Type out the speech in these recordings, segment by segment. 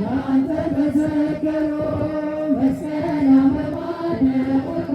ለአንተ በዘገየ መስቀል አበባ ደቁርባ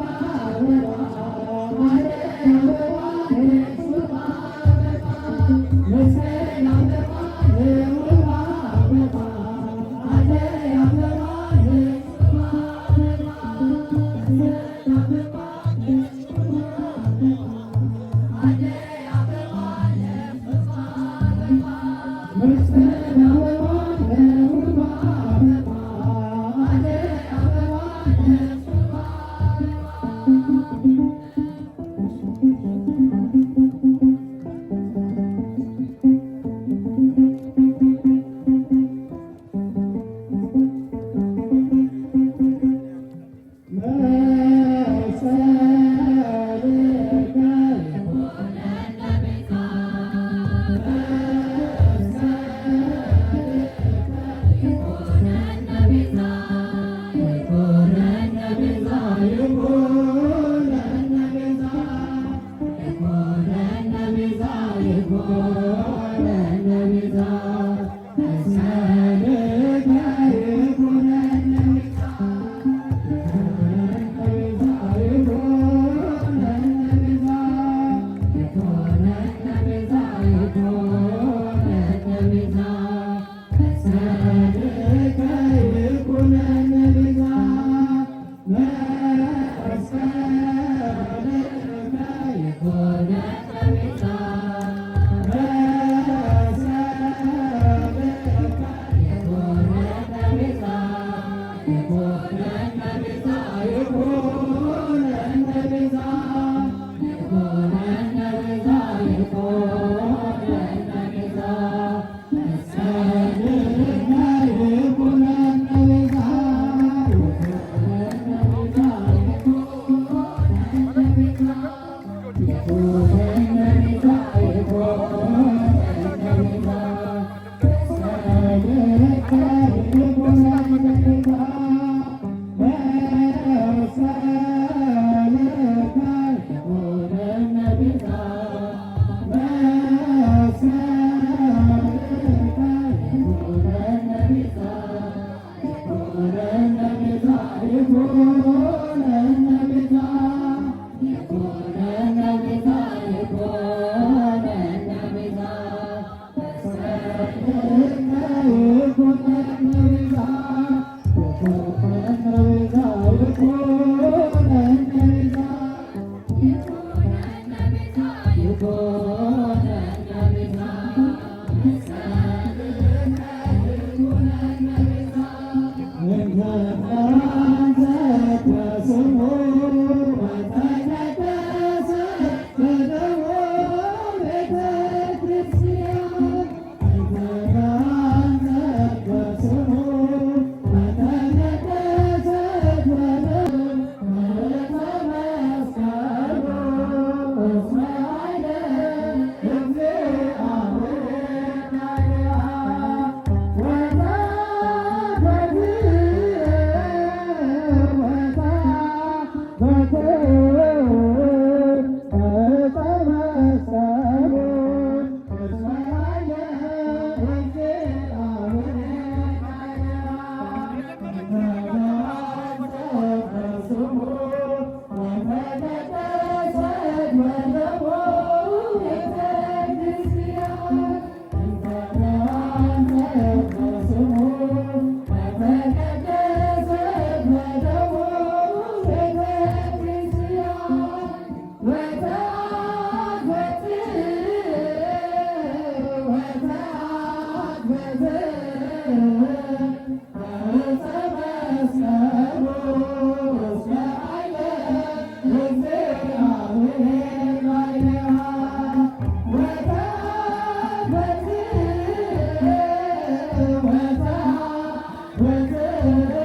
Thank you.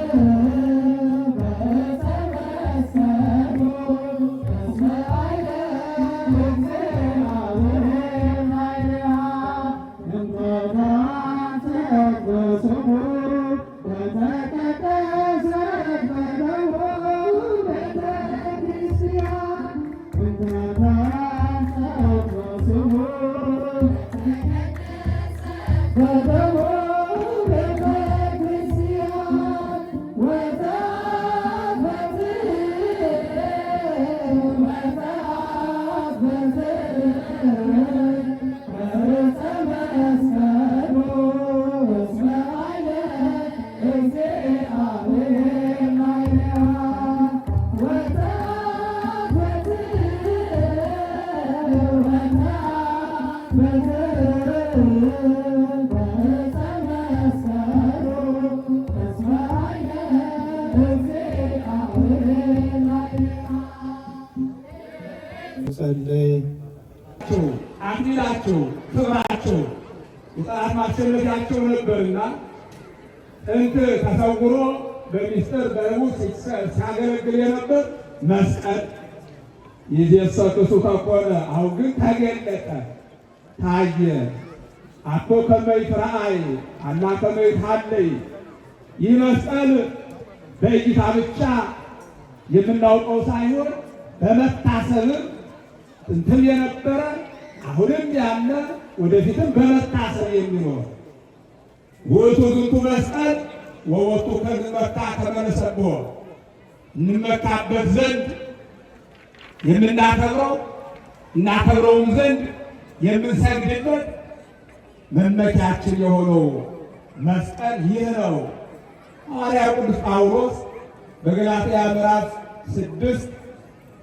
በጥንት ተሰውሮ በሚስጥር በረቡዕ ሲያገለግል የነበር መስቀል ይዜሰክሱ ተኮነ። አሁን ግን ተገለጠ፣ ታየ። አቶ ከመይት ረአይ አላ ከመይት ሀለይ ይህ መስቀል በእይታ ብቻ የምናውቀው ሳይሆን በመታሰብም ጥንትም የነበረ አሁንም ያለ ወደፊትም በመታሰብ የሚኖር ውእቱ ዝንቱ መስቀል ወወቱ ከንመካ ተመለሰቦ እንመካበት ዘንድ የምናከብረው እናከብረውም ዘንድ የምንሰግድበት መመኪያችን የሆነው መስቀል ይህ ነው። ሐዋርያው ቅዱስ ጳውሎስ በገላትያ ምዕራፍ ስድስት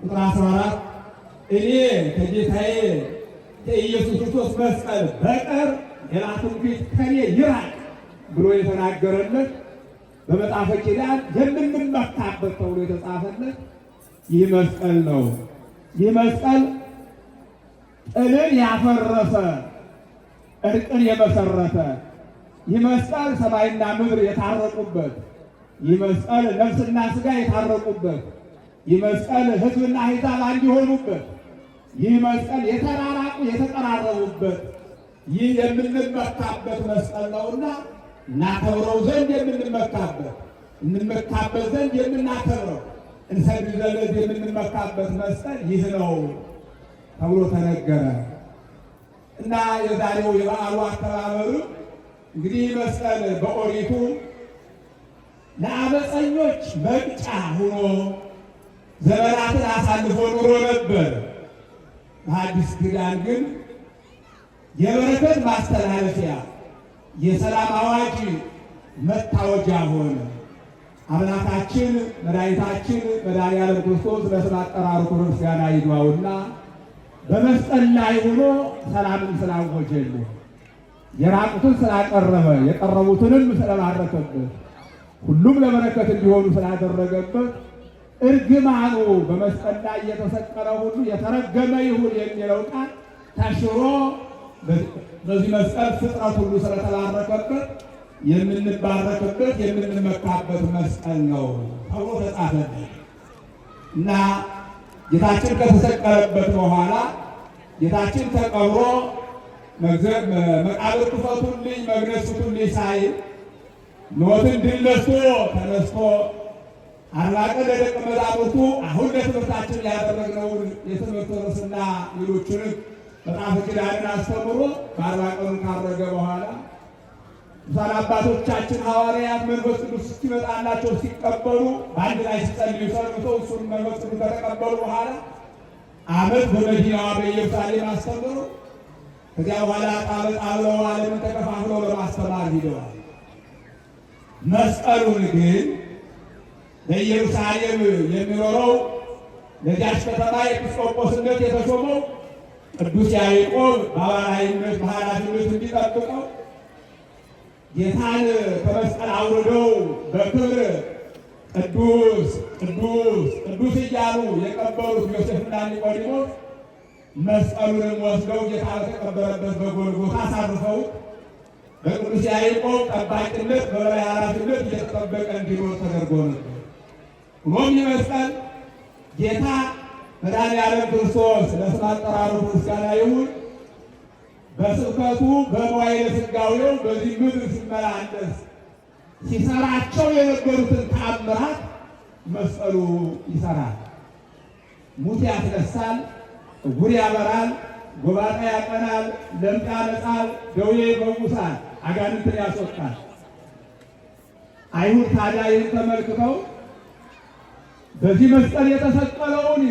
ቁጥር አስራ እኔ ከጌታዬ ከኢየሱስ ክርስቶስ መስቀል በቀር የላቱን ፊት ከኔ ይራቅ ብሎ የተናገረለት በመጽሐፈ ኪዳን የምንመካበት ተብሎ የተጻፈለት ይህ መስቀል ነው። ይህ መስቀል ጥልን ያፈረሰ እርቅን የመሰረተ ይህ መስቀል ሰማይና ምድር የታረቁበት ይህ መስቀል ነፍስና ሥጋ የታረቁበት ይህ መስቀል ሕዝብና አሕዛብ አንድ የሆኑበት ይህ መስቀል የተራራቁ የተቀራረቡበት ይህ የምንመካበት መስቀል ነውና እናከብረው ዘንድ የምንመካበት እንመካበት ዘንድ የምናከብረው እንሰግድ ዘንድ የምንመካበት መስቀል ይህ ነው ተብሎ ተነገረ እና የዛሬው የበዓሉ አከባበሩ እንግዲህ መስቀል በኦሪቱ ለአመፀኞች መቅጫ ሆኖ ዘመናትን አሳልፎ ኑሮ ነበር። በአዲስ ኪዳን ግን የበረከት ማስተላለፊያ የሰላም አዋጅ መታወጃ ሆነ። አምላካችን መድኃኒታችን መድኃኔዓለም ክርስቶስ በስመ አጠራሩ ክብር ምስጋና ይግባውና በመስቀል ላይ ሆኖ ሰላምን ስላወጀልን የራቁትን ስላቀረበ የቀረቡትንም ስለማረከበት ሁሉም ለበረከት እንዲሆኑ ስላደረገበት እርግማኑ በመስቀል ላይ የተሰቀለ ሁሉ የተረገመ ይሁን የሚለው ቃል ተሽሮ በዚህ መስቀል ፍጥረት ሁሉ ስለተባረከበት የምንባረክበት የምንመካበት መስቀል ነው ተብሎ ተጻፈልን እና ጌታችን ከተሰቀለበት በኋላ ጌታችን ተቀብሮ መቃብር ክፈቱልኝ መግነዝ ፍቱልኝ ሳይል ሞትን ድል ነስቶ ተነስቶ አርባ ቀን ለደቀ መዛሙርቱ አሁን ለትምህርታችን ያደረግነውን የትምህርት ርዕስና ሌሎችንም መጽሐፈ ኪዳንን አስተምሮ ከአርባ ቀኑ ካረገ በኋላ ብዙኃን አባቶቻችን ሐዋርያት መንፈስ ቅዱስ እስኪመጣላቸው ሲቀበሉ በአንድ ላይ ሲጸልዩ ሰንብተው እሱን መንፈስ ቅዱስ ከተቀበሉ በኋላ አመት በመዲናዋ በኢየሩሳሌም አስተምሮ ከዚያ በኋላ ጣበጣ ብለው ዓለምን ተከፋፍለው ለማስተማር ሂደዋል። መስቀሉን ግን በኢየሩሳሌም የሚኖረው ለዚያች ከተማ ኤጲስቆጶስነት የተሾመው ቅዱስ ያዕቆብ በአባራይነት በኃላፊነት እንዲጠብቀው ጌታን ከመስቀል አውርደው በክብር ቅዱስ ቅዱስ ቅዱስ እያሉ የቀበሩት ዮሴፍና ኒቆዲሞስ መስቀሉንም ወስደው ጌታ በተቀበረበት በጎልጎታ አሳርፈው በቅዱስ ያዕቆብ ጠባቂነት በበላይ ኃላፊነት እየተጠበቀ እንዲኖር ተደርጎ ነበር። ሆኖም ይመስላል ጌታ መድኃኔዓለም ክርስቶስ ለስም አጠራሩ ምስጋና ይሁን። በስብከቱ በመዋዕለ ሥጋዌው በዚህ ምድር ሲመላለስ ሲሰራቸው የነገሩትን ተአምራት መስቀሉ ይሰራል። ሙት ያስነሳል፣ ዕውር ያበራል፣ ጎባጣ ያቀናል፣ ለምጽ ያነጻል፣ ደዌ ይፈውሳል፣ አጋንንትን ያስወጣል። አይሁድ ታዲያ ይህን ተመልክተው በዚህ መስቀል የተሰቀለውን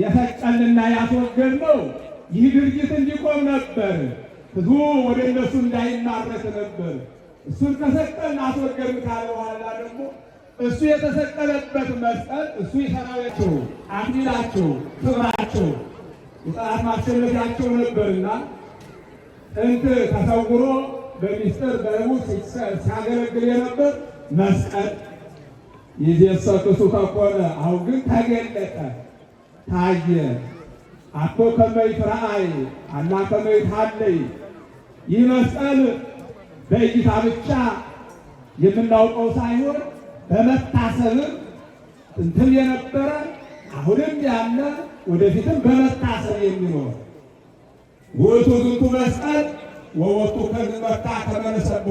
የሰቀልና ያስወገድነው ይህ ድርጅት እንዲቆም ነበር። ህዝቡ ወደ እነሱ እንዳይማረስ ነበር። እሱን ከሰቀል አስወገድ ካለ በኋላ ደግሞ እሱ የተሰቀለበት መስቀል እሱ የሰራዊቸው አክሊላቸው፣ ክብራቸው፣ የጠላት ማሸነፊያቸው ነበርና ጥንት ተሰውሮ በሚስጥር በሕቡዕ ሲያገለግል የነበር መስቀል ይዜሰ ክሱ ተኮነ። አሁን ግን ተገለጠ። ታየ። አኮ ከመይት ረአይ አላ ከመይት ሀለይ ይህ መስቀል በእይታ ብቻ የምናውቀው ሳይሆን በመታሰብም እንትን የነበረ አሁንም ያለ ወደፊትም በመታሰብ የሚኖር ውእቱ ዝንቱ መስቀል ወወቱ ከንመካ ከመነሰቦ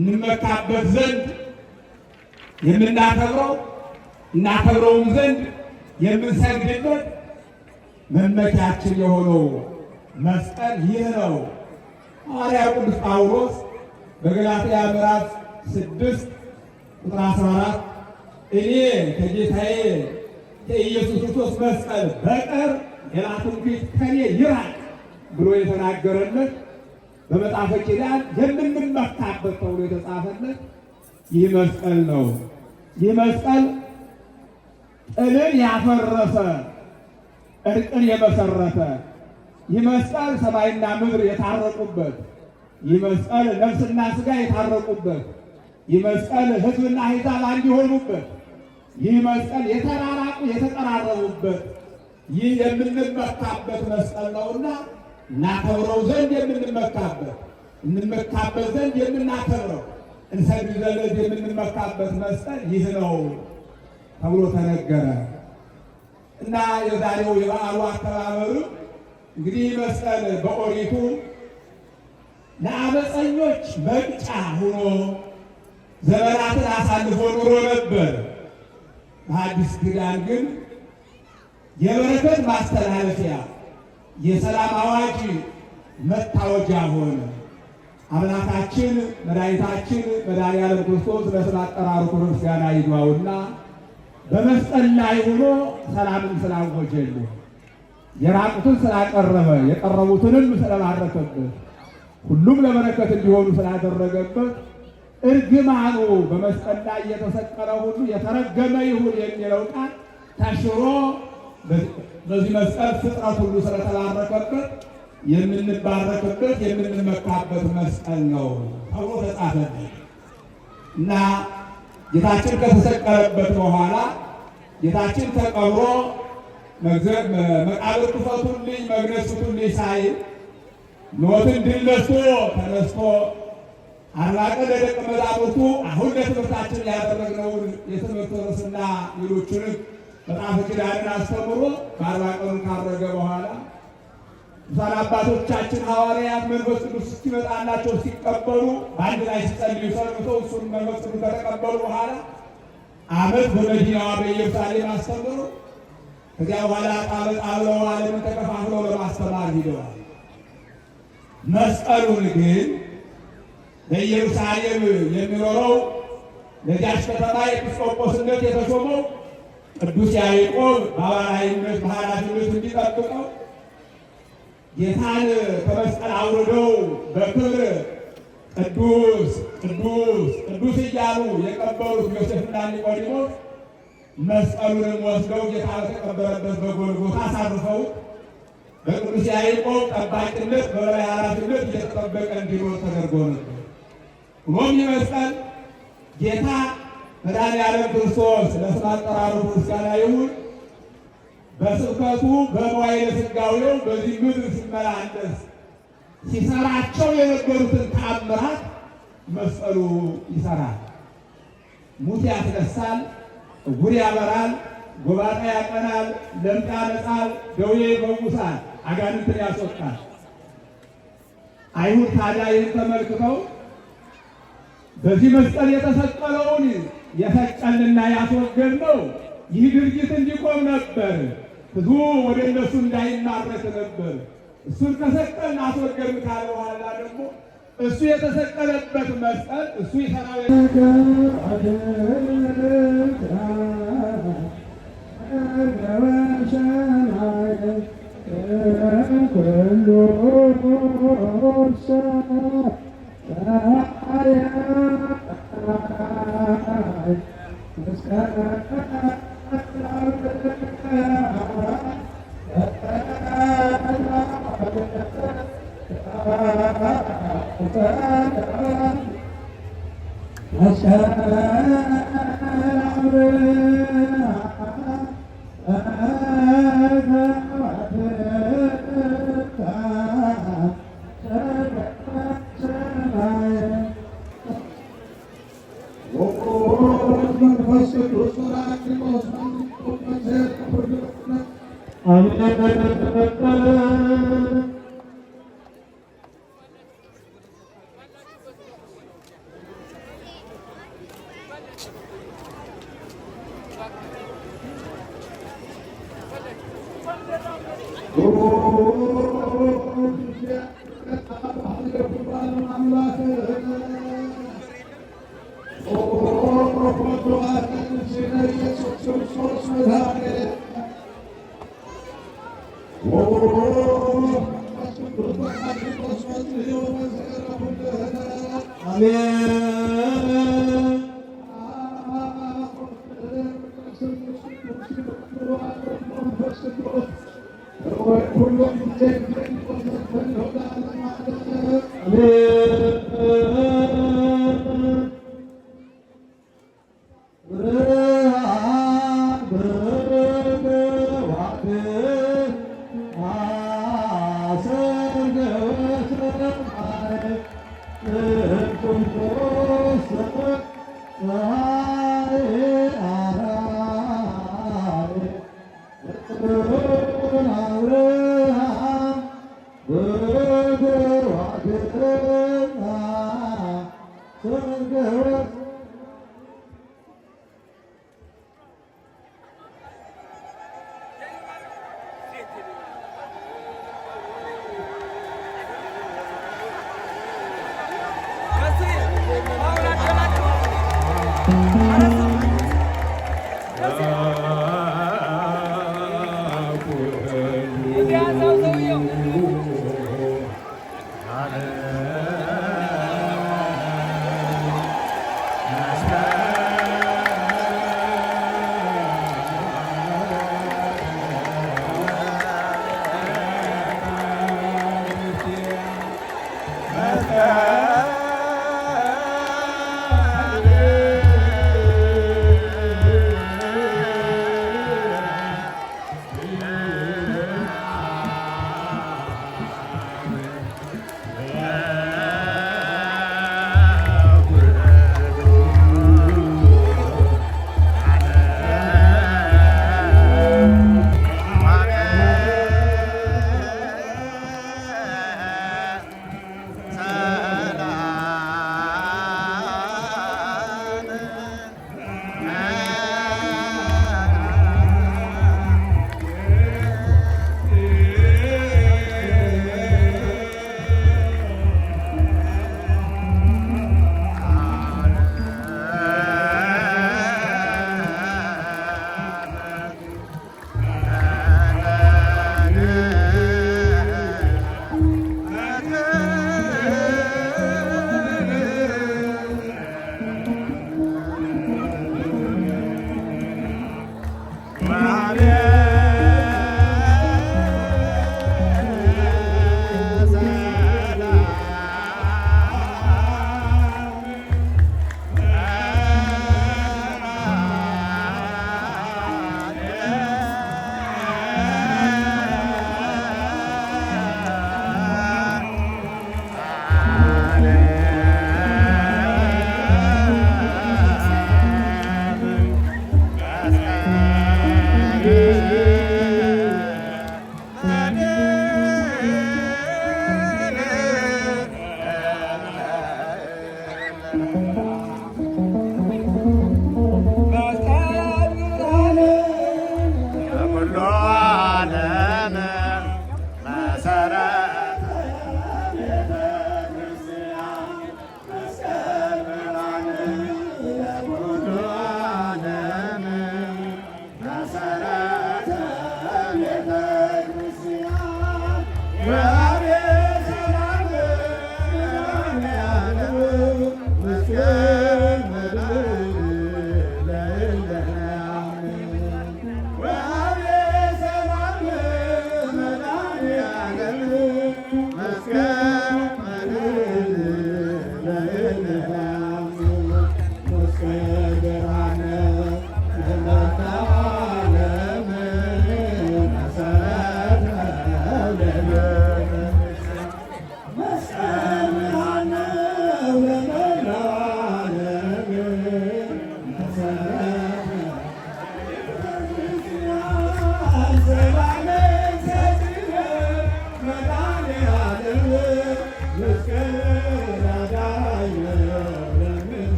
እንመካበት ዘንድ የምናከብረው እናከብረውም ዘንድ የምንሰግድበት መመኪያችን የሆነው መስቀል ይህ ነው። ሐዋርያው ቅዱስ ጳውሎስ በገላትያ ምዕራፍ ስድስት ቁጥር አስራ አራት እኔ ከጌታዬ ከኢየሱስ ክርስቶስ መስቀል በቀር ሌላ ትንቢት ከኔ ይራቅ ብሎ የተናገረለት በመጽሐፈ ኪዳን የምንመካበት ተብሎ የተጻፈለት ይህ መስቀል ነው። ይህ መስቀል እልን ያፈረሰ እርቅን የመሰረተ ይህ መስቀል ሰማይና ምድር የታረቁበት፣ ይህ መስቀል ነፍስና ስጋ የታረቁበት፣ ይህ መስቀል ሕዝብና አሕዛብ አንድ የሆኑበት፣ ይህ መስቀል የተራራቁ የተቀራረቡበት፣ ይህ የምንመካበት መስቀል ነውና እናከብረው ዘንድ የምንመካበት እንመካበት ዘንድ የምናከብረው እንሰግድ ዘንድ የምንመካበት መስቀል ይህ ነው። ተብሎ ተነገረ እና የዛሬው የበዓሉ አከባበር እንግዲህ መስቀል በኦሪቱ ለአመፀኞች መቅጫ ሆኖ ዘመናትን አሳልፎ ኑሮ ነበር። በአዲስ ኪዳን ግን የበረከት ማስተላለፊያ፣ የሰላም አዋጅ መታወጃ ሆነ። አምላካችን መድኃኒታችን መድኃኔዓለም ክርስቶስ በስም አጠራሩ ክርስቲያን አይግባውና በመስቀል ላይ ሆኖ ሰላምን ስላወጀል የራቁትን ስላቀረበ የቀረቡትንም ስለባረከበት ሁሉም ለበረከት እንዲሆኑ ስላደረገበት እርግማኑ በመስቀል ላይ የተሰቀለ ሁሉ የተረገመ ይሁን የሚለው ቃል ተሽሮ በዚህ መስቀል ፍጥረት ሁሉ ስለተባረከበት የምንባረክበት የምንመካበት መስቀል ነው ተብሎ ተጻፈ እና ጌታችን ከተሰቀለበት በኋላ ጌታችን ተቀብሮ መቃብር ክፈቱልኝ መግነዝ ፍቱልኝ ሳይል ሞትን ድል ነስቶ ተነስቶ አርባ ለደቀ መዛሙርቱ አሁን ለትምህርታችን ያደረግነውን የትምህርት ርዕስና ሌሎቹንም መጽሐፈ ኪዳንን አስተምሮ በአርባ ቀኑ ካረገ በኋላ ብዙኃን አባቶቻችን ሐዋርያት መንፈስ ቅዱስ እስኪመጣላቸው ሲቀበሉ በአንድ ላይ ሲጸልዩ ሰንብተው እሱን መንፈስ ቅዱስ ከተቀበሉ በኋላ አመት በመዲናዋ በኢየሩሳሌም አስተምሩ። ከዚያ በኋላ ጣበጣብለው ዓለምን ተከፋፍለው ለማስተማር ሂደዋል። መስቀሉን ግን በኢየሩሳሌም የሚኖረው ለዚያች ከተማ ኤጲስቆጶስነት የተሾመው ቅዱስ ያዕቆብ በሐዋርያነት ኃላፊነት እንዲጠብቀው ጌታን ከመስቀል አውርደው በክብር ቅዱስ ቅዱስ ቅዱስ እያሉ የቀበሩት ዮሴፍና ኒቆዲሞስ መስቀሉንም ወስደው ጌታ በተቀበረበት በጎልጎታ አሳርፈው በቅዱስ ያዕቆብ ጠባቂነት በበላይ ኃላፊነት እየተጠበቀ እንዲኖር ተደርጎ ነበር። ሞም የመስቀል ጌታ መድኃኔዓለም ክርስቶስ ለስም አጠራሩ ምስጋና ይሁን። በስብከቱ በመዋዕለ ሥጋዌው በዚህ ምድር ሲመላለስ ሲሰራቸው የነበሩትን ተአምራት መስቀሉ ይሰራል። ሙት ያስነሳል፣ ዕውር ያበራል፣ ጎባጣ ያቀናል፣ ለምጽ ያነጻል፣ ደዌ ይፈውሳል፣ አጋንንትን ያስወጣል። አይሁድ ታዲያ ይህን ተመልክተው በዚህ መስቀል የተሰቀለውን የፈጨንና ያስወገድ ነው ይህ ድርጅት እንዲቆም ነበር ህዝቡ ወደ እነሱ እንዳይማረክ ነበር። እሱን ተሰቀል አስወገድ ካለ በኋላ ደግሞ እሱ የተሰቀለበት መስቀል እሱ ይሰራል። Allah Amen.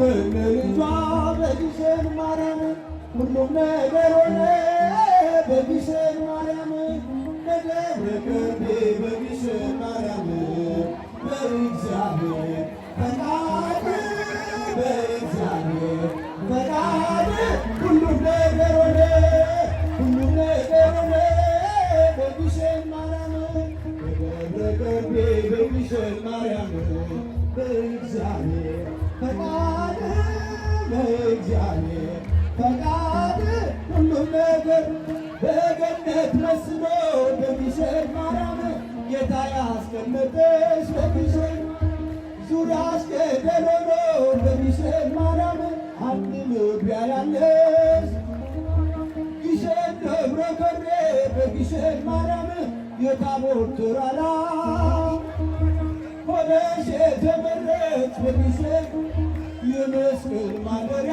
በእመልጇ በግሸን ማርያም ሁሉም ነገር ሆነ በግሸን ማርያም በደብረ ከርቤ ማርያም በእግዚአብሔር ፈቃድ በእግዚአብሔር ፈቃድ ሁሉም ነገር ሆነ ሁሉም ነገር ሆነ ማርያም ከርቤ ማርያም በእግዚአብሔር ፈቃድ እግዚአብሔር ፈቃድ ሁሉም ነገር በገነት መስሎ በሚሸር ማርያም ጌታ ያስቀመጠሽ በሚሸር ዙሪያሽ ገደል ሆኖ በሚሸር ማርያም አንድ መግቢያ ያለሽ ጊሸን ደብረ ከርቤ በጊሸን ማርያም የታቦት ተራራ ሆነሽ የተመረጥሽ በጊሸን የመስቀል ማደሪያ